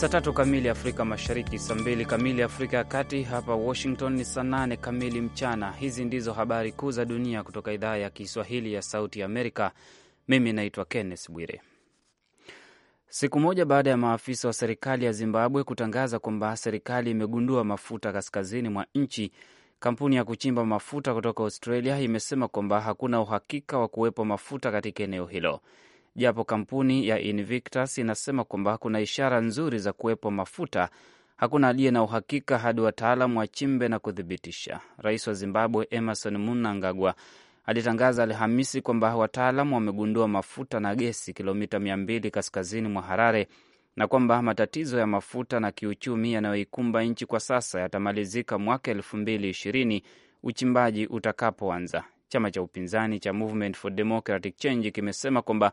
saa tatu kamili Afrika Mashariki, saa mbili kamili Afrika ya Kati. Hapa Washington ni saa nane kamili mchana. Hizi ndizo habari kuu za dunia kutoka idhaa ya Kiswahili ya Sauti ya Amerika. Mimi naitwa Kenneth Bwire. Siku moja baada ya maafisa wa serikali ya Zimbabwe kutangaza kwamba serikali imegundua mafuta kaskazini mwa nchi, kampuni ya kuchimba mafuta kutoka Australia imesema kwamba hakuna uhakika wa kuwepo mafuta katika eneo hilo japo kampuni ya Invictus inasema kwamba kuna ishara nzuri za kuwepo mafuta. Hakuna aliye na uhakika hadi wataalam wachimbe na kuthibitisha. Rais wa Zimbabwe Emerson Mnangagwa alitangaza Alhamisi kwamba wataalamu wamegundua mafuta na gesi kilomita mia mbili kaskazini mwa Harare na kwamba matatizo ya mafuta na kiuchumi yanayoikumba nchi kwa sasa yatamalizika mwaka elfu mbili ishirini uchimbaji utakapoanza. Chama cha upinzani cha Movement for Democratic Change kimesema kwamba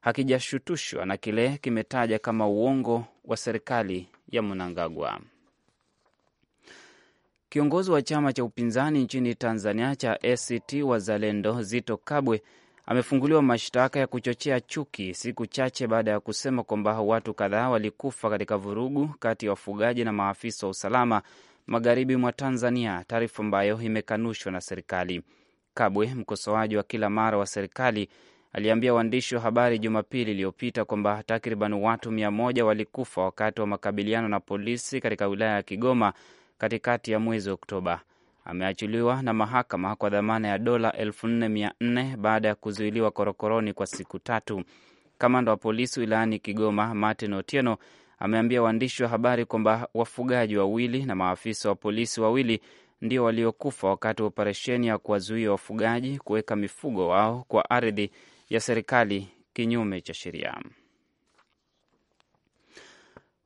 hakijashutushwa na kile kimetaja kama uongo wa serikali ya Mnangagwa. Kiongozi wa chama cha upinzani nchini Tanzania cha ACT Wazalendo, Zito Kabwe, amefunguliwa mashtaka ya kuchochea chuki siku chache baada ya kusema kwamba watu kadhaa walikufa katika vurugu kati ya wafugaji na maafisa wa usalama magharibi mwa Tanzania, taarifa ambayo imekanushwa na serikali. Kabwe, mkosoaji wa kila mara wa serikali, aliambia waandishi wa habari Jumapili iliyopita kwamba takriban watu mia moja walikufa wakati wa makabiliano na polisi katika wilaya ya Kigoma katikati ya mwezi Oktoba. Ameachiliwa na mahakama kwa dhamana ya dola 44 baada ya kuzuiliwa korokoroni kwa siku tatu. Kamanda wa polisi wilayani Kigoma, Martin Otieno, ameambia waandishi wa habari kwamba wafugaji wawili na maafisa wa polisi wawili ndio waliokufa wakati wa operesheni ya kuwazuia wafugaji kuweka mifugo wao kwa ardhi ya serikali kinyume cha sheria.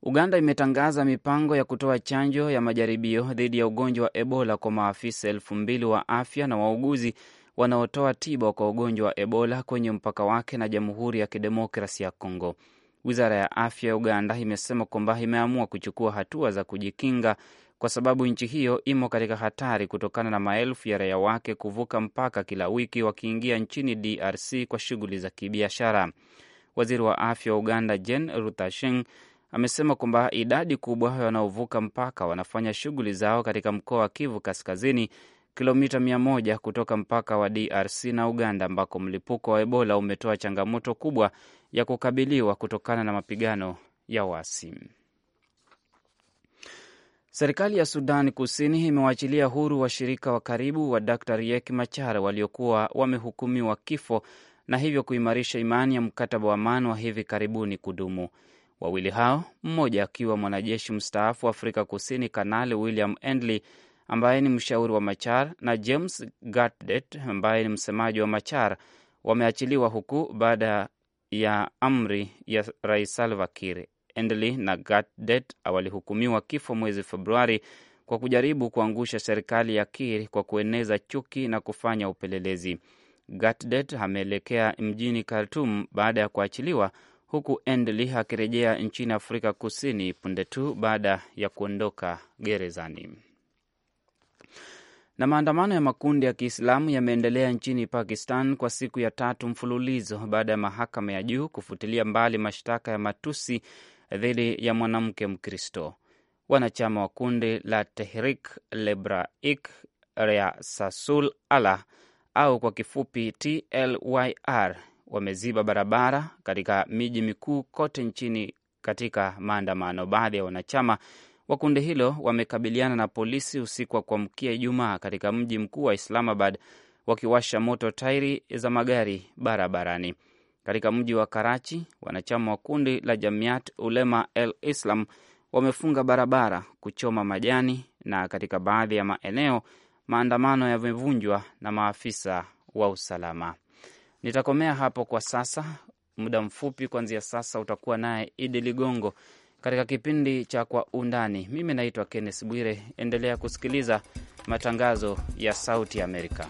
Uganda imetangaza mipango ya kutoa chanjo ya majaribio dhidi ya ugonjwa wa Ebola kwa maafisa elfu mbili wa afya na wauguzi wanaotoa tiba kwa ugonjwa wa Ebola kwenye mpaka wake na Jamhuri ya Kidemokrasi ya congo Wizara ya afya ya Uganda imesema kwamba imeamua kuchukua hatua za kujikinga kwa sababu nchi hiyo imo katika hatari kutokana na maelfu ya raia wake kuvuka mpaka kila wiki wakiingia nchini DRC kwa shughuli za kibiashara. Waziri wa afya wa Uganda jen Rutasinghe amesema kwamba idadi kubwa wanaovuka mpaka wanafanya shughuli zao katika mkoa wa Kivu Kaskazini, kilomita mia moja kutoka mpaka wa DRC na Uganda, ambako mlipuko wa Ebola umetoa changamoto kubwa ya kukabiliwa kutokana na mapigano ya waasi. Serikali ya Sudan Kusini imewaachilia huru washirika wa karibu wa Dr Riek Machar waliokuwa wamehukumiwa kifo na hivyo kuimarisha imani ya mkataba wa amani wa hivi karibuni kudumu. Wawili hao, mmoja akiwa mwanajeshi mstaafu wa Afrika Kusini Kanali William Endley ambaye ni mshauri wa Machar na James Gatdet ambaye ni msemaji wa Machar wameachiliwa huku baada ya amri ya Rais Salva Kiir. Endley na Gatdet walihukumiwa kifo mwezi Februari kwa kujaribu kuangusha serikali ya Kiir kwa kueneza chuki na kufanya upelelezi. Gatdet ameelekea mjini Khartum baada ya kuachiliwa huku endly akirejea nchini Afrika Kusini punde tu baada ya kuondoka gerezani. Na maandamano ya makundi ya Kiislamu yameendelea nchini Pakistan kwa siku ya tatu mfululizo baada ya mahakama ya juu kufutilia mbali mashtaka ya matusi dhidi ya mwanamke Mkristo. Wanachama wa kundi la Tehrik Lebraik Reasasul Allah au kwa kifupi TLYR wameziba barabara katika miji mikuu kote nchini katika maandamano. Baadhi ya wanachama wa kundi hilo wamekabiliana na polisi usiku wa kuamkia Ijumaa katika mji mkuu wa Islamabad wakiwasha moto tairi za magari barabarani katika mji wa Karachi, wanachama wa kundi la Jamiat Ulema el Islam wamefunga barabara, kuchoma majani, na katika baadhi ya maeneo maandamano yamevunjwa na maafisa wa usalama. Nitakomea hapo kwa sasa. Muda mfupi kuanzia sasa utakuwa naye Idi Ligongo katika kipindi cha Kwa Undani. Mimi naitwa Kenneth Bwire. Endelea kusikiliza matangazo ya Sauti ya Amerika.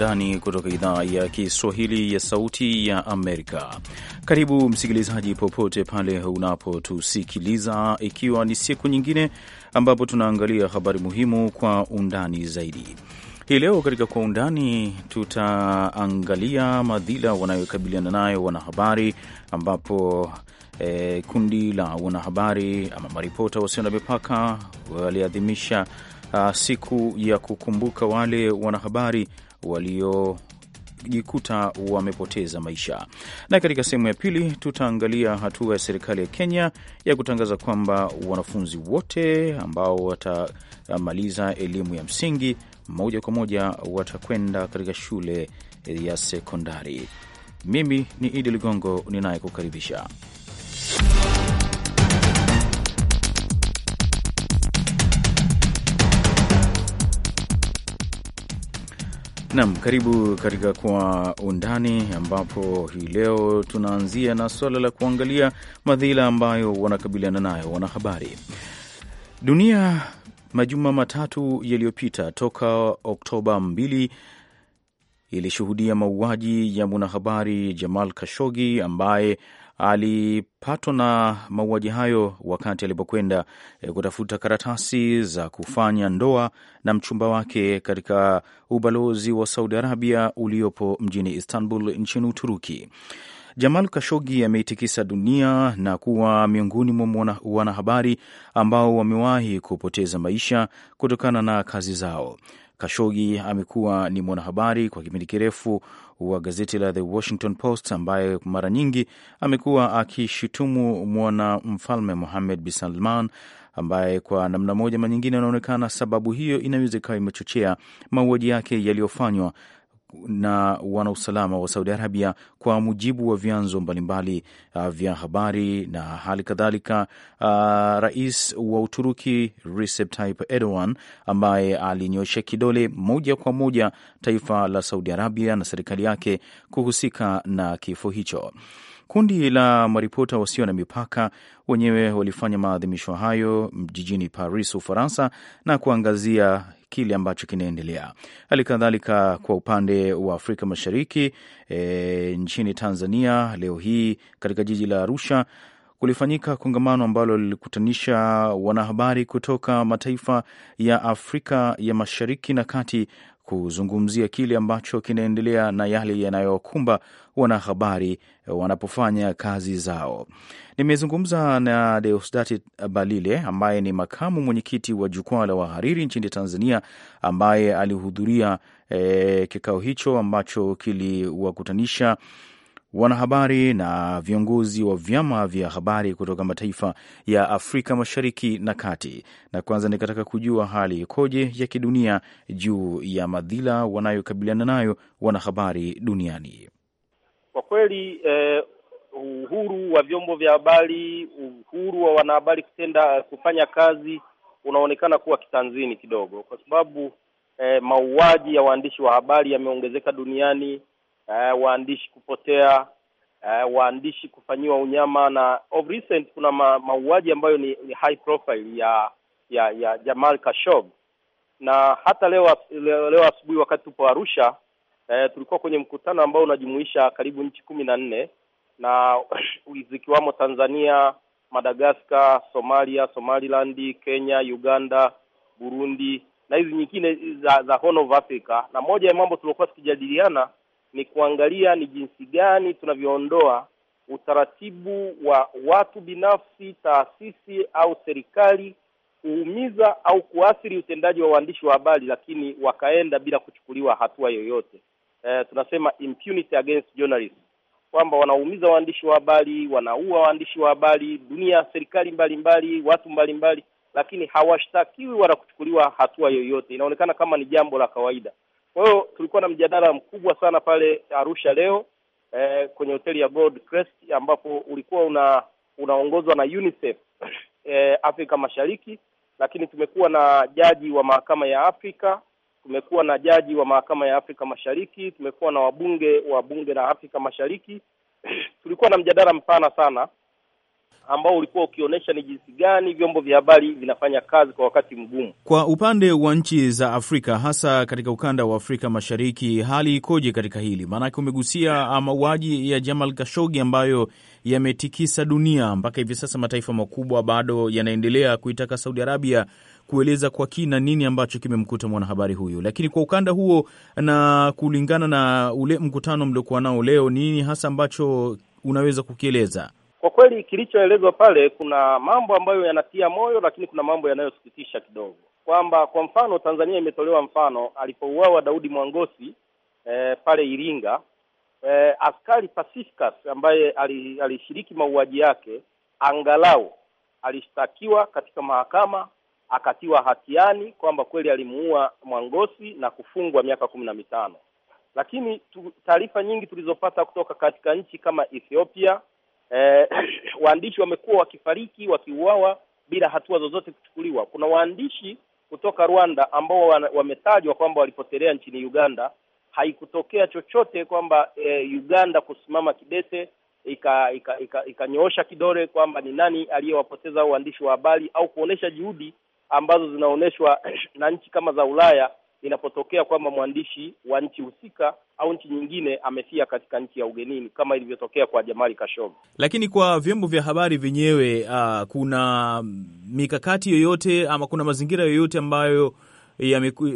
undani kutoka idhaa ya Kiswahili ya Sauti ya Amerika. Karibu msikilizaji, popote pale unapotusikiliza, ikiwa ni siku nyingine ambapo tunaangalia habari muhimu kwa undani zaidi. Hii leo katika kwa undani tutaangalia madhila wanayokabiliana nayo wanahabari, ambapo e, kundi la wanahabari ama maripota wasio na mipaka waliadhimisha ah, siku ya kukumbuka wale wanahabari walio jikuta wamepoteza maisha. Na katika sehemu ya pili tutaangalia hatua ya serikali ya Kenya ya kutangaza kwamba wanafunzi wote ambao watamaliza elimu ya msingi moja kwa moja watakwenda katika shule ya sekondari. Mimi ni Idi Ligongo ninayekukaribisha. Nam, karibu katika Kwa Undani, ambapo hii leo tunaanzia na suala la kuangalia madhila ambayo wanakabiliana nayo wanahabari dunia majuma matatu yaliyopita toka Oktoba 2 ilishuhudia mauaji ya mwanahabari Jamal Kashogi ambaye alipatwa na mauaji hayo wakati alipokwenda eh, kutafuta karatasi za kufanya ndoa na mchumba wake katika ubalozi wa Saudi Arabia uliopo mjini Istanbul nchini Uturuki. Jamal Kashogi ameitikisa dunia na kuwa miongoni mwa wanahabari ambao wamewahi kupoteza maisha kutokana na kazi zao. Kashogi amekuwa ni mwanahabari kwa kipindi kirefu wa gazeti la The Washington Post ambaye mara nyingi amekuwa akishutumu mwana mfalme muhamed bin Salman ambaye kwa namna moja manyingine anaonekana, sababu hiyo inaweza ikawa imechochea mauaji yake yaliyofanywa na wanausalama wa Saudi Arabia, kwa mujibu wa vyanzo mbalimbali uh, vya habari na hali kadhalika uh, rais wa Uturuki Recep Tayyip Erdogan ambaye alinyosha kidole moja kwa moja taifa la Saudi Arabia na serikali yake kuhusika na kifo hicho. Kundi la maripota wasio na mipaka wenyewe walifanya maadhimisho hayo jijini Paris, Ufaransa, na kuangazia kile ambacho kinaendelea. Hali kadhalika kwa upande wa Afrika Mashariki, e, nchini Tanzania, leo hii katika jiji la Arusha kulifanyika kongamano ambalo lilikutanisha wanahabari kutoka mataifa ya Afrika ya Mashariki na Kati kuzungumzia kile ambacho kinaendelea na yale yanayokumba wanahabari wanapofanya kazi zao. Nimezungumza na Deusdati Balile ambaye ni makamu mwenyekiti wa jukwaa la wahariri nchini Tanzania, ambaye alihudhuria e, kikao hicho ambacho kiliwakutanisha Wanahabari na viongozi wa vyama vya habari kutoka mataifa ya Afrika Mashariki na Kati, na kwanza nikataka kujua hali ikoje ya kidunia juu ya madhila wanayokabiliana nayo wanahabari duniani. Kwa kweli eh, uhuru wa vyombo vya habari, uhuru wa wanahabari kutenda kufanya kazi unaonekana kuwa kitanzini kidogo, kwa sababu eh, mauaji ya waandishi wa habari yameongezeka duniani eh, waandishi kupotea eh, waandishi kufanyiwa unyama na of recent kuna ma, mauaji ambayo ni, ni high profile ya ya ya Jamal Khashoggi na hata leo leo, leo asubuhi wakati tupo Arusha eh, tulikuwa kwenye mkutano ambao unajumuisha karibu nchi kumi na nne na zikiwamo Tanzania, Madagascar, Somalia, Somaliland, Kenya, Uganda, Burundi na hizi nyingine za, za Horn of Africa, na moja ya mambo tuliokuwa tukijadiliana ni kuangalia ni jinsi gani tunavyoondoa utaratibu wa watu binafsi, taasisi au serikali kuumiza au kuathiri utendaji wa waandishi wa habari, lakini wakaenda bila kuchukuliwa hatua yoyote. E, tunasema impunity against journalists, kwamba wanaumiza waandishi wa habari, wanaua waandishi wa habari dunia ya serikali mbalimbali mbali, watu mbalimbali mbali, lakini hawashtakiwi wala kuchukuliwa hatua yoyote. Inaonekana kama ni jambo la kawaida. Kwa hiyo tulikuwa na mjadala mkubwa sana pale Arusha leo eh, kwenye hoteli ya Gold Crest ambapo ulikuwa una unaongozwa na UNICEF eh, Afrika Mashariki, lakini tumekuwa na jaji wa mahakama ya Afrika, tumekuwa na jaji wa mahakama ya Afrika Mashariki, tumekuwa na wabunge wa bunge la Afrika Mashariki tulikuwa na mjadala mpana sana ambao ulikuwa ukionyesha ni jinsi gani vyombo vya habari vinafanya kazi kwa wakati mgumu. Kwa upande wa nchi za Afrika, hasa katika ukanda wa Afrika Mashariki, hali ikoje katika hili? Maanake umegusia ah, mauaji ya Jamal kashogi ambayo yametikisa dunia mpaka hivi sasa. Mataifa makubwa bado yanaendelea kuitaka Saudi Arabia kueleza kwa kina nini ambacho kimemkuta mwanahabari huyu. Lakini kwa ukanda huo na kulingana na ule mkutano mliokuwa nao leo, nini hasa ambacho unaweza kukieleza? Kwa kweli kilichoelezwa pale, kuna mambo ambayo yanatia moyo, lakini kuna mambo yanayosikitisha kidogo, kwamba kwa mfano Tanzania imetolewa mfano alipouawa Daudi Mwangosi eh, pale Iringa eh, askari Pacificus ambaye alishiriki mauaji yake angalau alishtakiwa katika mahakama akatiwa hatiani kwamba kweli alimuua Mwangosi na kufungwa miaka kumi na mitano, lakini taarifa nyingi tulizopata kutoka katika nchi kama Ethiopia eh, waandishi wamekuwa wakifariki wakiuawa bila hatua zozote kuchukuliwa. Kuna waandishi kutoka Rwanda ambao wametajwa kwamba walipotelea nchini Uganda. Haikutokea chochote kwamba eh, Uganda kusimama kidete ikanyoosha ika, ika, ika kidole kwamba ni nani aliyewapoteza waandishi wa habari au kuonesha juhudi ambazo zinaonyeshwa na nchi kama za Ulaya inapotokea kwamba mwandishi wa nchi husika au nchi nyingine amefia katika nchi ya ugenini kama ilivyotokea kwa Jamali Kashogo. Lakini kwa vyombo vya habari vyenyewe, uh, kuna mikakati yoyote ama kuna mazingira yoyote ambayo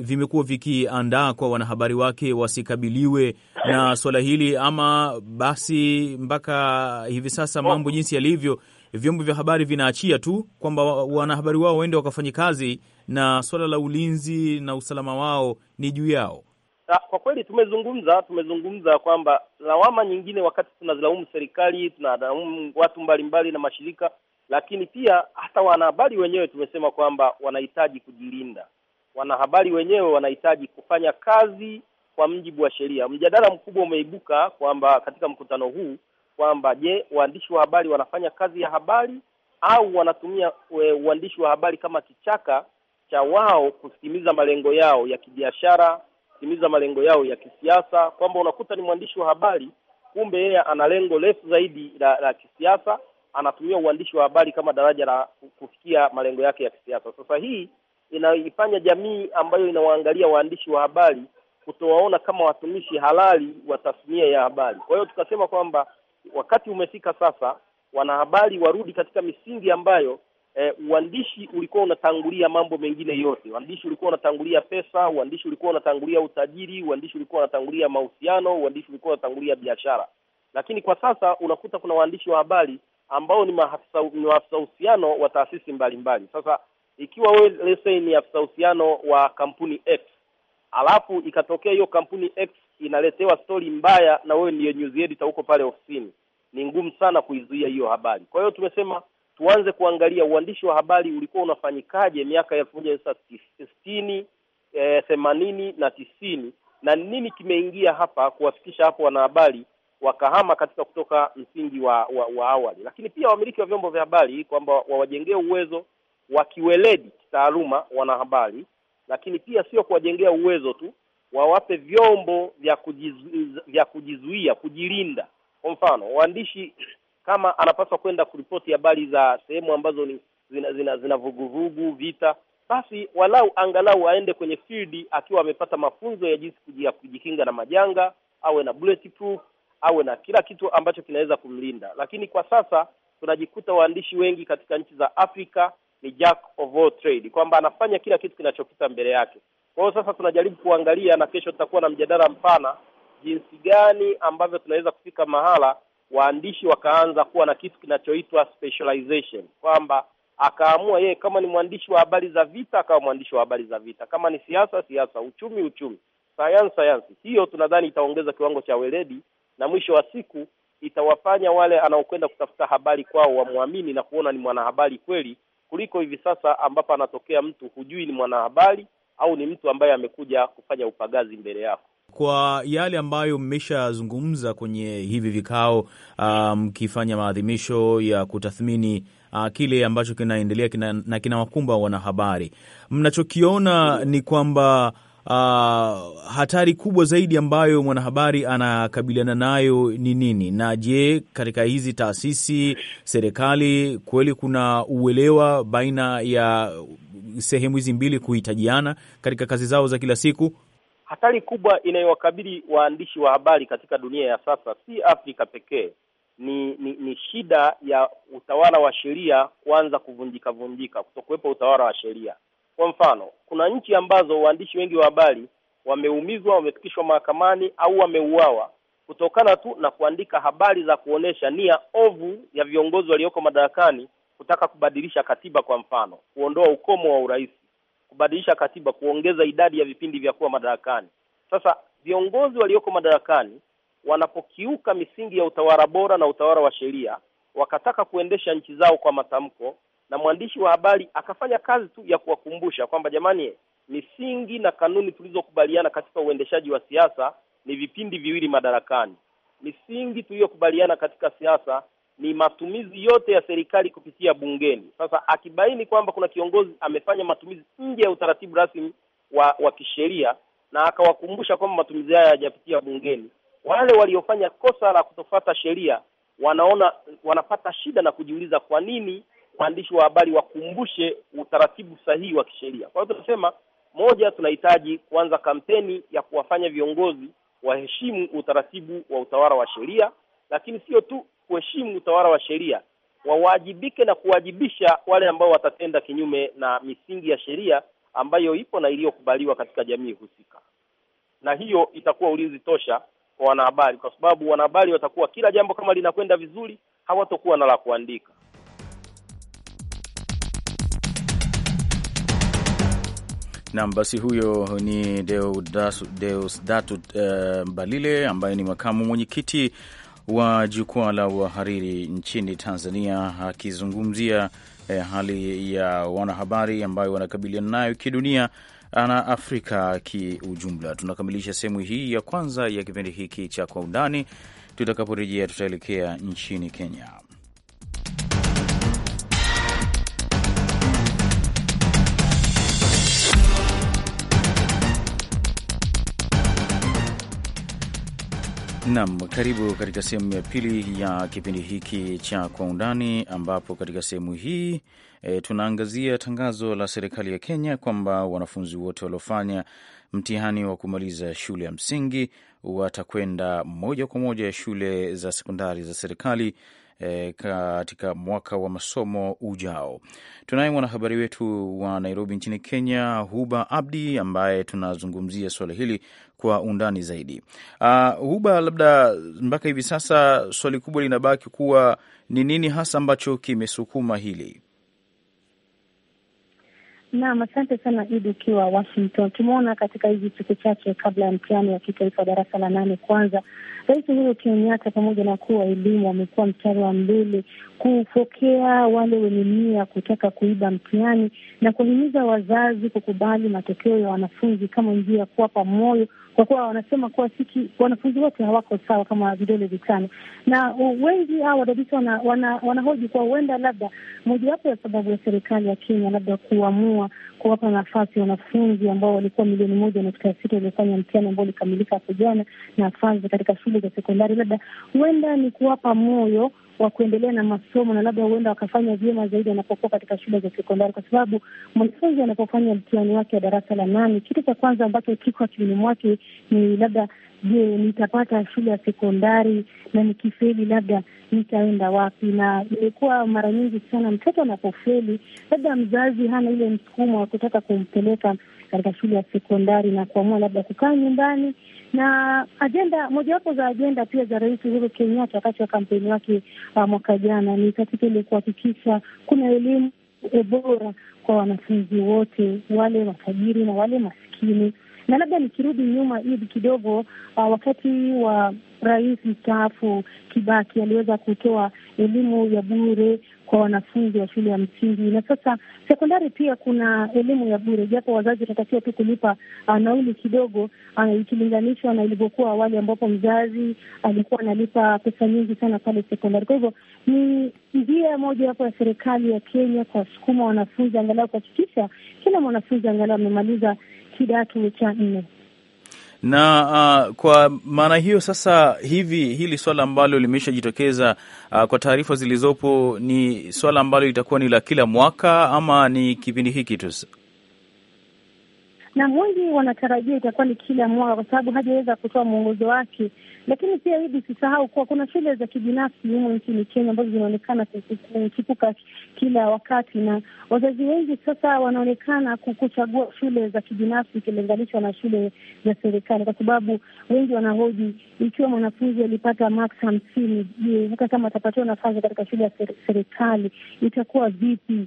vimekuwa vikiandaa kwa wanahabari wake wasikabiliwe na swala hili, ama basi mpaka hivi sasa oh. mambo jinsi yalivyo vyombo vya habari vinaachia tu kwamba wanahabari wao waende wakafanye kazi, na swala la ulinzi na usalama wao ni juu yao. Ah, kwa kweli tumezungumza tumezungumza kwamba lawama nyingine, wakati tunazilaumu serikali, tunalaumu watu mbalimbali na mashirika, lakini pia hata wanahabari wenyewe tumesema kwamba wanahitaji kujilinda. Wanahabari wenyewe wanahitaji kufanya kazi kwa mjibu wa sheria. Mjadala mkubwa umeibuka kwamba katika mkutano huu kwamba je, waandishi wa habari wanafanya kazi ya habari au wanatumia e, uandishi wa habari kama kichaka cha wao kutimiza malengo yao ya kibiashara, kutimiza malengo yao ya kisiasa, kwamba unakuta ni mwandishi wa habari kumbe yeye ana lengo refu zaidi la, la kisiasa, anatumia uandishi wa habari kama daraja la kufikia malengo yake ya kisiasa. Sasa hii inaifanya jamii ambayo inawaangalia waandishi wa habari kutowaona kama watumishi halali wa tasnia ya habari. Kwa hiyo tukasema kwamba wakati umefika sasa wanahabari warudi katika misingi ambayo eh, uandishi ulikuwa unatangulia mambo mengine yote. Uandishi ulikuwa unatangulia pesa, uandishi ulikuwa unatangulia utajiri, uandishi ulikuwa unatangulia mahusiano, uandishi ulikuwa unatangulia biashara. Lakini kwa sasa unakuta kuna waandishi wa habari ambao ni maafisa ni maafisa uhusiano wa taasisi mbalimbali. Sasa ikiwa wewe leseni ni afisa uhusiano wa kampuni X alafu ikatokea hiyo kampuni X inaletewa stori mbaya, na wewe ndiye news editor huko pale ofisini, ni ngumu sana kuizuia hiyo habari. Kwa hiyo tumesema tuanze kuangalia uandishi wa habari ulikuwa unafanyikaje miaka elfu moja sitini eh, themanini na tisini na nini kimeingia hapa kuwafikisha hapo wanahabari wakahama katika kutoka msingi wa, wa, wa awali, lakini pia wamiliki wa vyombo vya habari kwamba wawajengee uwezo wa kiweledi kitaaluma wanahabari lakini pia sio kuwajengea uwezo tu, wawape vyombo vya kujizu, vya kujizuia kujilinda. Kwa mfano, waandishi kama anapaswa kwenda kuripoti habari za sehemu ambazo ni zina zina, zina vuguvugu vita, basi walau angalau aende kwenye field akiwa amepata mafunzo ya jinsi ya kujikinga na majanga, awe na bulletproof, awe na kila kitu ambacho kinaweza kumlinda. Lakini kwa sasa tunajikuta waandishi wengi katika nchi za Afrika ni jack of all trade, kwamba anafanya kila kitu kinachopita mbele yake. Kwa hiyo sasa tunajaribu kuangalia, na kesho tutakuwa na mjadala mpana jinsi gani ambavyo tunaweza kufika mahala waandishi wakaanza kuwa na kitu kinachoitwa specialization, kwamba akaamua yeye kama ni mwandishi wa habari za vita akawa mwandishi wa habari za vita, kama ni siasa siasa, uchumi uchumi, sayansi sayansi. Hiyo tunadhani itaongeza kiwango cha weledi na mwisho wa siku itawafanya wale anaokwenda kutafuta habari kwao wamwamini na kuona ni mwanahabari kweli, kuliko hivi sasa ambapo anatokea mtu hujui ni mwanahabari au ni mtu ambaye amekuja kufanya upagazi mbele yako. Kwa yale ambayo mmeshazungumza kwenye hivi vikao, ah, mkifanya um, maadhimisho ya kutathmini uh, kile ambacho kinaendelea kina, na kinawakumba wanahabari, mnachokiona ni kwamba Uh, hatari kubwa zaidi ambayo mwanahabari anakabiliana nayo ni nini? Na je, katika hizi taasisi, serikali kweli kuna uelewa baina ya sehemu hizi mbili kuhitajiana katika kazi zao za kila siku? Hatari kubwa inayowakabili waandishi wa habari katika dunia ya sasa si Afrika pekee, ni, ni ni shida ya utawala wa sheria kuanza kuvunjika vunjika, kutokuwepo utawala wa sheria kwa mfano, kuna nchi ambazo waandishi wengi wa habari wameumizwa, wamefikishwa mahakamani au wameuawa kutokana tu na kuandika habari za kuonesha nia ovu ya viongozi walioko madarakani kutaka kubadilisha katiba, kwa mfano kuondoa ukomo wa urais, kubadilisha katiba, kuongeza idadi ya vipindi vya kuwa madarakani. Sasa viongozi walioko madarakani wanapokiuka misingi ya utawala bora na utawala wa sheria, wakataka kuendesha nchi zao kwa matamko, na mwandishi wa habari akafanya kazi tu ya kuwakumbusha kwamba jamani, misingi na kanuni tulizokubaliana katika uendeshaji wa siasa ni vipindi viwili madarakani. Misingi tuliyokubaliana katika siasa ni matumizi yote ya serikali kupitia bungeni. Sasa akibaini kwamba kuna kiongozi amefanya matumizi nje ya utaratibu rasmi wa wa kisheria, na akawakumbusha kwamba matumizi haya hayajapitia bungeni, wale waliofanya kosa la kutofata sheria wanaona wanapata shida na kujiuliza kwa nini waandishi wa habari wakumbushe utaratibu sahihi wa kisheria. Kwa hiyo tunasema, moja, tunahitaji kuanza kampeni ya kuwafanya viongozi waheshimu utaratibu wa utawala wa sheria, lakini sio tu kuheshimu utawala wa sheria, wawajibike na kuwajibisha wale ambao watatenda kinyume na misingi ya sheria ambayo ipo na iliyokubaliwa katika jamii husika, na hiyo itakuwa ulinzi tosha kwa wanahabari, kwa sababu wanahabari watakuwa kila jambo kama linakwenda vizuri, hawatokuwa na la kuandika. Nam, basi huyo ni deusdatu uh, Balile ambaye ni makamu mwenyekiti wa jukwaa la wahariri nchini Tanzania akizungumzia eh, hali ya wanahabari ambayo wanakabiliana nayo kidunia na Afrika kiujumla. Tunakamilisha sehemu hii ya kwanza ya kipindi hiki cha Kwa Undani. Tutakaporejea tutaelekea nchini Kenya. Nam, karibu katika sehemu ya pili ya kipindi hiki cha Kwa Undani, ambapo katika sehemu hii e, tunaangazia tangazo la serikali ya Kenya kwamba wanafunzi wote waliofanya mtihani wa kumaliza shule ya msingi watakwenda moja kwa moja shule za sekondari za serikali e, katika mwaka wa masomo ujao. Tunaye mwanahabari wetu wa Nairobi nchini Kenya, Huba Abdi, ambaye tunazungumzia swala hili kwa undani zaidi. Uh, Huba, labda mpaka hivi sasa swali kubwa linabaki kuwa ni nini hasa ambacho kimesukuma hili? Naam, asante sana Idi ukiwa Washington. Tumeona katika hizi siku chache kabla ya mtihani wa kitaifa darasa la nane kwanza, Rais Uhuru Kenyatta pamoja na kuu wa elimu wamekuwa mstari wa mbele kupokea wale wenye nia kutaka kuiba mtihani na kuwahimiza wazazi kukubali matokeo ya wanafunzi kama njia ya kuwapa moyo kwa kuwa wanasema kuwa siki wanafunzi wote hawako sawa kama vidole vitano, na wengi hawa wadadisi wanahoji wana, wana kuwa huenda labda mojawapo ya sababu ya serikali ya Kenya labda kuamua kuwapa nafasi wanafunzi ambao walikuwa milioni moja nukta sita waliofanya mtihani ambao ulikamilika hapo jana nafasi katika shule za sekondari, labda huenda ni kuwapa moyo wa kuendelea na masomo na labda huenda wakafanya vyema zaidi wanapokuwa katika shule za sekondari, kwa sababu mwanafunzi anapofanya mtihani wake wa darasa la nane, kitu cha kwanza ambacho kiko akilini mwake ni labda, je, nitapata shule ya sekondari na nikifeli, labda nitaenda wapi? Na imekuwa mara nyingi sana mtoto anapofeli, labda mzazi hana ile msukumo wa kutaka kumpeleka katika shule ya sekondari na kuamua labda kukaa nyumbani. Na ajenda mojawapo za ajenda pia za Rais Uhuru Kenyatta wakati wa kampeni wake uh, mwaka jana ni katika ile kuhakikisha kuna elimu e, bora kwa wanafunzi wote, wale matajiri na wale maskini. Na labda nikirudi nyuma hivi kidogo, uh, wakati wa rais mstaafu Kibaki aliweza kutoa elimu ya bure kwa wanafunzi wa shule ya msingi. Na sasa sekondari pia kuna elimu ya bure, japo wazazi watatakiwa tu kulipa uh, nauli kidogo uh, ikilinganishwa na ilivyokuwa awali ambapo mzazi alikuwa analipa pesa nyingi sana pale sekondari. Kwa hivyo ni njia moja wapo ya serikali ya Kenya kuwasukuma wanafunzi angalau kuhakikisha kila mwanafunzi angalau amemaliza kidato cha nne na uh, kwa maana hiyo sasa hivi hili swala ambalo limeshajitokeza uh, kwa taarifa zilizopo ni swala ambalo litakuwa ni la kila mwaka ama ni kipindi hiki tu? na wengi wanatarajia itakuwa ni kila mwaka, kwa sababu hajaweza kutoa mwongozo wake. Lakini pia hivi sisahau kuwa kuna shule za kibinafsi humo nchini Kenya ambazo zinaonekana kuchipuka kila wakati, na wazazi wengi sasa wanaonekana kuchagua shule za kibinafsi ikilinganishwa na shule za serikali, kwa sababu wengi wanahoji, ikiwa mwanafunzi alipata max hamsini, je, hata kama atapatiwa nafasi katika shule ya serikali itakuwa vipi?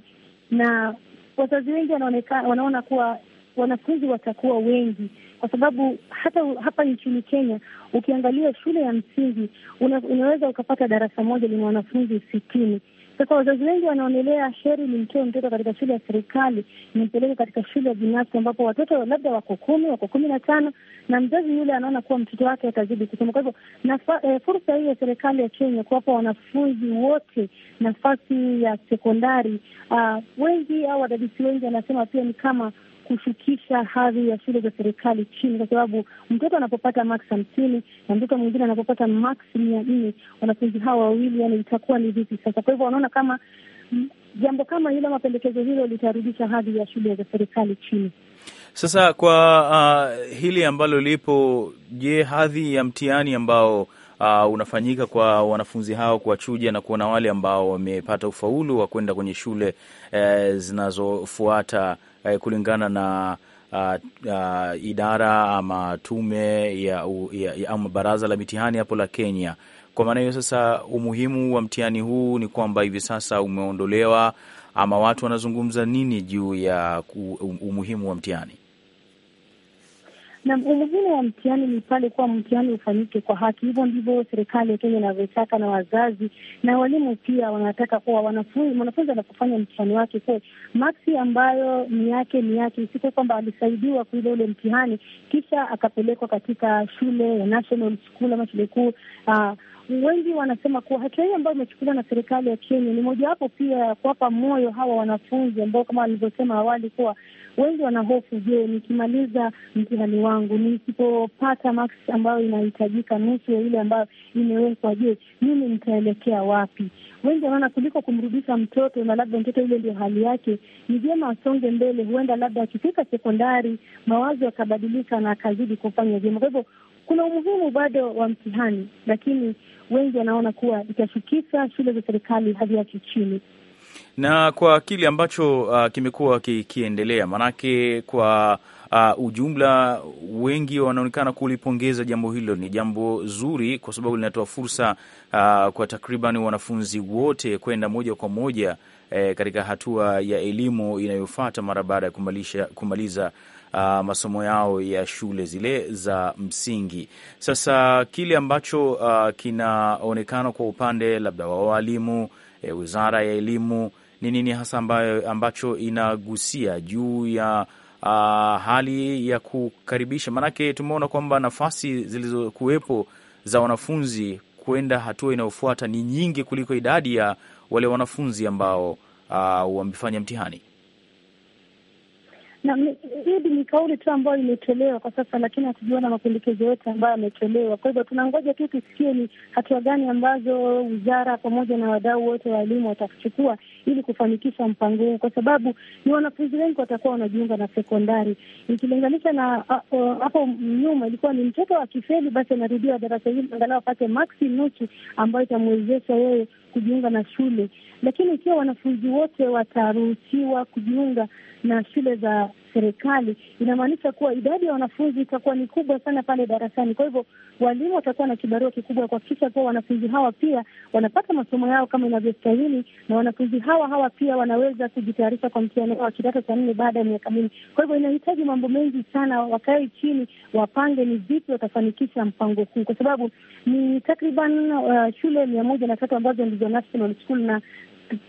Na wazazi wengi wanaonekana wanaona kuwa wanafunzi watakuwa wengi, kwa sababu hata hapa nchini Kenya ukiangalia shule ya msingi una, unaweza ukapata darasa moja lina wanafunzi sitini. Sasa wazazi wengi wanaonelea heri mtoe mtoto katika shule ya serikali nimpeleke katika shule ya binafsi, ambapo watoto labda wako kumi, wako kumi na tano, na mzazi yule anaona kuwa mtoto wake atazidi kusoma. Kwa hivyo e, fursa hii ya serikali ya Kenya kuwapa wanafunzi wote nafasi ya sekondari, ah, wengi au wadadisi wengi wanasema pia ni kama kushukisha hadhi ya shule za serikali chini, kwa sababu mtoto anapopata max hamsini na mtoto mwingine anapopata max mia nne wanafunzi hawa wawili, yani itakuwa ni vipi sasa? Kwa hivyo wanaona kama jambo kama hilo, mapendekezo hilo litarudisha hadhi ya shule za serikali chini. Sasa kwa uh, hili ambalo lipo, je, hadhi ya mtihani ambao uh, unafanyika kwa wanafunzi hao kuwachuja na kuona wale ambao wamepata ufaulu wa kwenda kwenye shule eh, zinazofuata eh, kulingana na Uh, uh, idara ama tume ya, ya, ya, ama baraza la mitihani hapo la Kenya. Kwa maana hiyo sasa, umuhimu wa mtihani huu ni kwamba hivi sasa umeondolewa ama watu wanazungumza nini juu ya umuhimu wa mtihani? Na umuhimu wa mtihani ni pale kuwa mtihani ufanyike kwa haki. Hivyo ndivyo serikali ya Kenya inavyotaka na wazazi na walimu pia wanataka kuwa wanafunzi, mwanafunzi anapofanya mtihani wake kuwe maksi ambayo ni yake ni yake, isikuwe kwamba alisaidiwa kuiva ule mtihani kisha akapelekwa katika shule ya national school ama shule kuu uh, wengi wanasema kuwa hatua hii ambayo imechukuliwa na serikali ya Kenya ni mojawapo pia ya kuwapa moyo hawa wanafunzi ambao kama walivyosema awali kuwa wengi wana hofu je, nikimaliza mtihani wangu nisipopata maksi ambayo inahitajika, nusu ya ile ambayo imewekwa, je, mimi nitaelekea wapi? Wengi wanaona kuliko kumrudisha mtoto na labda mtoto ile ndio hali yake, ni vyema asonge mbele, huenda labda akifika sekondari mawazo yakabadilika na akazidi kufanya vyema. Kwa hivyo kuna umuhimu bado wa mtihani, lakini wengi wanaona kuwa itafikisha shule za serikali hadhi yake chini na kwa kile ambacho uh, kimekuwa kikiendelea, maanake kwa uh, ujumla wengi wanaonekana kulipongeza jambo hilo. Ni jambo zuri kwa sababu linatoa fursa uh, kwa takriban wanafunzi wote kwenda moja kwa moja eh, katika hatua ya elimu inayofuata mara baada ya kumaliza uh, masomo yao ya shule zile za msingi. Sasa kile ambacho uh, kinaonekana kwa upande labda wa walimu e, wizara ya elimu ni nini hasa ambayo, ambacho inagusia juu ya uh, hali ya kukaribisha, maanake tumeona kwamba nafasi zilizokuwepo za wanafunzi kwenda hatua inayofuata ni nyingi kuliko idadi ya wale wanafunzi ambao uh, wamefanya mtihani na hili ni kauli tu ambayo imetolewa kwa sasa, lakini hatujiona mapendekezo yote ambayo yametolewa. Kwa hivyo tunangoja tu tusikie ni hatua gani ambazo wizara pamoja na wadau wote wa elimu watachukua ili kufanikisha mpango huu, kwa sababu ni wanafunzi wengi watakuwa wanajiunga na sekondari, ikilinganisha na hapo nyuma. Ilikuwa ni mtoto akifeli, basi anarudiwa darasa hili angalau apate maksi nusu ambayo itamwezesha yeye kujiunga na shule, lakini ikiwa wanafunzi wote wataruhusiwa kujiunga na shule za serikali, inamaanisha kuwa idadi ya wanafunzi itakuwa ni kubwa sana pale darasani. Kwa hivyo walimu watakuwa na kibarua kikubwa kuhakikisha kuwa wanafunzi hawa pia wanapata masomo yao kama inavyostahili, na wanafunzi hawa hawa pia wanaweza kujitayarisha kwa mtihani wa kidato cha nne baada ya miaka mingi. Kwa hivyo inahitaji mambo mengi sana, wakae chini, wapange ni vipi watafanikisha mpango huu, kwa sababu ni takriban uh, shule mia moja na tatu ambazo ndizo national school na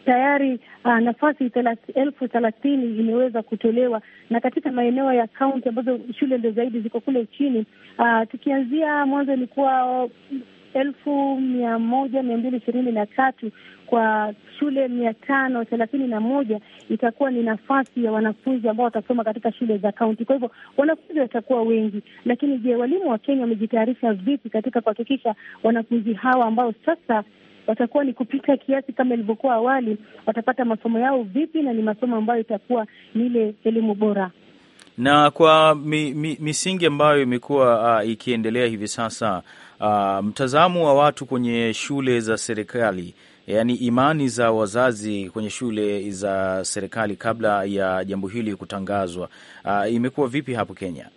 tayari uh, nafasi elfu thelathini imeweza kutolewa, na katika maeneo ya kaunti ambazo shule ndo zaidi ziko kule chini uh, tukianzia mwanzo ilikuwa elfu mia moja mia mbili ishirini na tatu kwa shule mia tano thelathini na moja itakuwa ni nafasi ya wanafunzi ambao watasoma katika shule za kaunti. Kwa hivyo wanafunzi watakuwa wengi, lakini je, walimu wa Kenya wamejitayarisha vipi katika kuhakikisha wanafunzi hawa ambao sasa watakuwa ni kupita kiasi kama ilivyokuwa awali. Watapata masomo yao vipi, na ni masomo ambayo itakuwa ni ile elimu bora na kwa mi, mi, misingi ambayo imekuwa uh, ikiendelea hivi sasa uh, mtazamo wa watu kwenye shule za serikali, yaani imani za wazazi kwenye shule za serikali kabla ya jambo hili kutangazwa, uh, imekuwa vipi hapo Kenya?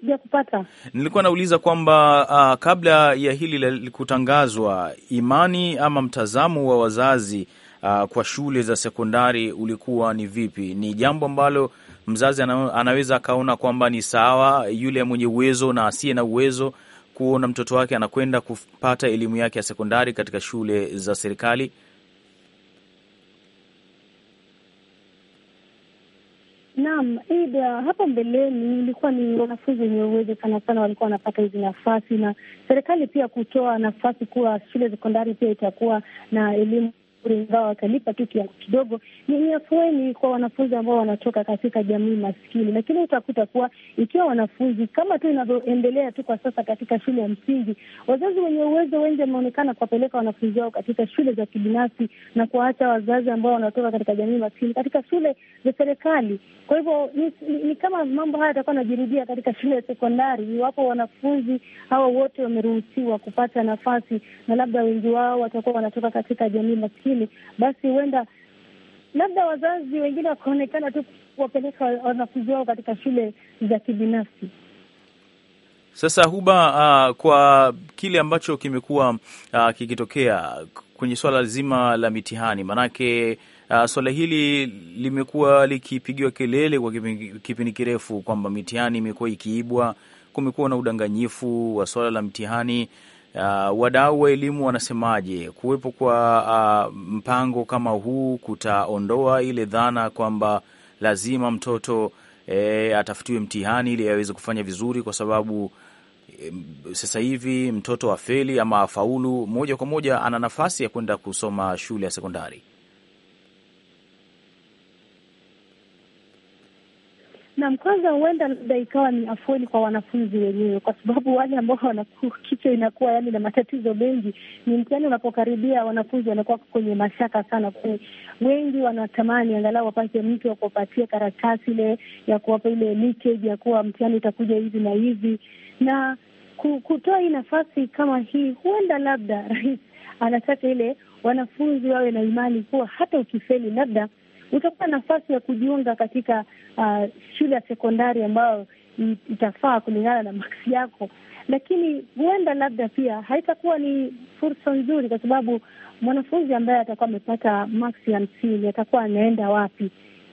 Sija kupata. Nilikuwa nauliza kwamba uh, kabla ya hili kutangazwa, imani ama mtazamo wa wazazi uh, kwa shule za sekondari ulikuwa ni vipi? Ni jambo ambalo mzazi anaweza akaona kwamba ni sawa yule mwenye uwezo na asiye na uwezo kuona mtoto wake anakwenda kupata elimu yake ya sekondari katika shule za serikali? Naam, Ida, hapo mbeleni ilikuwa ni wanafunzi wenye uwezo sana sana walikuwa wanapata hizi nafasi, na serikali pia kutoa nafasi kuwa shule sekondari pia itakuwa na elimu bure, ingawa watalipa tu kiango kidogo. Ni afueni kwa wanafunzi ambao wanatoka katika jamii maskini, lakini utakuta kuwa ikiwa wanafunzi kama tu inavyoendelea tu kwa sasa katika shule ya msingi, wazazi wenye uwezo wengi wameonekana kuwapeleka wanafunzi wao katika shule za kibinafsi na kuwaacha wazazi ambao wanatoka katika jamii maskini katika shule za serikali. Kwa hivyo ni, ni kama mambo haya yatakuwa anajirudia katika shule ya sekondari iwapo wanafunzi hawa wote wameruhusiwa kupata nafasi, na labda wengi wao watakuwa wanatoka katika jamii maskini hili, basi huenda labda wazazi wengine wakaonekana tu kuwapeleka wanafunzi wao katika shule za kibinafsi. Sasa Huba, uh, kwa kile ambacho kimekuwa uh, kikitokea kwenye swala zima la mitihani, maanake uh, swala hili limekuwa likipigiwa kelele kwa kipindi kirefu kwamba mitihani imekuwa ikiibwa, kumekuwa na udanganyifu wa swala la mtihani uh, wadau wa elimu wanasemaje? Kuwepo kwa uh, mpango kama huu kutaondoa ile dhana kwamba lazima mtoto eh, atafutiwe mtihani ili aweze kufanya vizuri, kwa sababu eh, sasa hivi mtoto afeli ama afaulu moja kwa moja ana nafasi ya kwenda kusoma shule ya sekondari. Naam, kwanza huenda labda ikawa ni afueni kwa wanafunzi wenyewe, kwa sababu wale ambao wanakuwa kichwa inakuwa yani na matatizo mengi, ni mtihani unapokaribia, wanafunzi wanakuwa kwenye mashaka sana, kwani wengi wanatamani angalau wapate mtu wa kuwapatia karatasi ile ya kuwapa ile leakage ya kuwa mtihani utakuja hivi na hivi, na kutoa hii nafasi kama hii, huenda labda rais anataka ile wanafunzi wawe na imani kuwa hata ukifeli labda utakuwa nafasi ya kujiunga katika uh, shule ya sekondari ambayo itafaa kulingana na maksi yako, lakini huenda labda pia haitakuwa ni fursa nzuri, kwa sababu mwanafunzi ambaye atakuwa amepata maksi hamsini atakuwa anaenda wapi?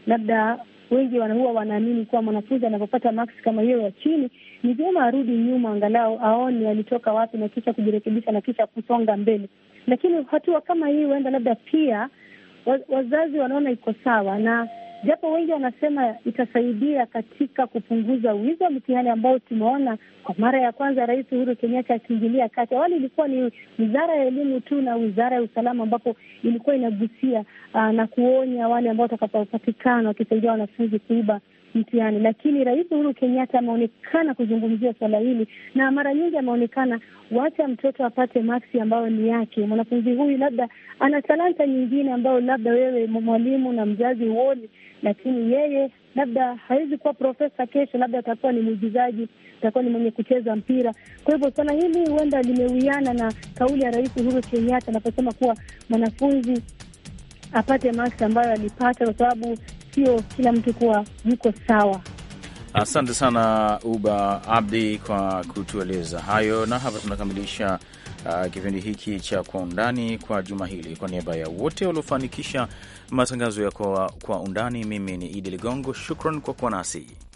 Labda wengi huwa wanaamini kuwa mwanafunzi anapopata maksi kama hiyo ya chini, ni vyema arudi nyuma, angalau aone alitoka wapi, na kisha kujirekebisha na kisha kusonga mbele. Lakini hatua kama hii huenda labda pia wazazi wanaona iko sawa, na japo wengi wanasema itasaidia katika kupunguza wizi wa mitihani ambao tumeona kwa mara ya kwanza Rais Uhuru Kenyatta akiingilia kati. Awali ilikuwa ni wizara ya elimu tu na wizara ya usalama, ambapo ilikuwa inagusia ah, na kuonya wale ambao watakapopatikana wakisaidia wanafunzi kuiba mtihani, lakini Rais Uhuru Kenyatta ameonekana kuzungumzia swala hili, na mara nyingi ameonekana wacha mtoto apate maksi ambayo ni yake. Mwanafunzi huyu labda ana talanta nyingine ambayo labda wewe mwalimu na mzazi huoni, lakini yeye labda hawezi kuwa profesa kesho, labda atakuwa ni mwigizaji, atakuwa ni mwenye kucheza mpira. Kwa hivyo swala hili huenda limewiana na kauli ya Rais Uhuru Kenyatta anaposema kuwa mwanafunzi apate maksi ambayo alipata, kwa sababu sio kila mtu kuwa yuko sawa. Asante sana Uba Abdi kwa kutueleza hayo, na hapa tunakamilisha uh, kipindi hiki cha Kwa Undani kwa juma hili. Kwa niaba ya wote waliofanikisha matangazo ya Kwa, kwa Undani, mimi ni Idi Ligongo. Shukran kwa kuwa nasi.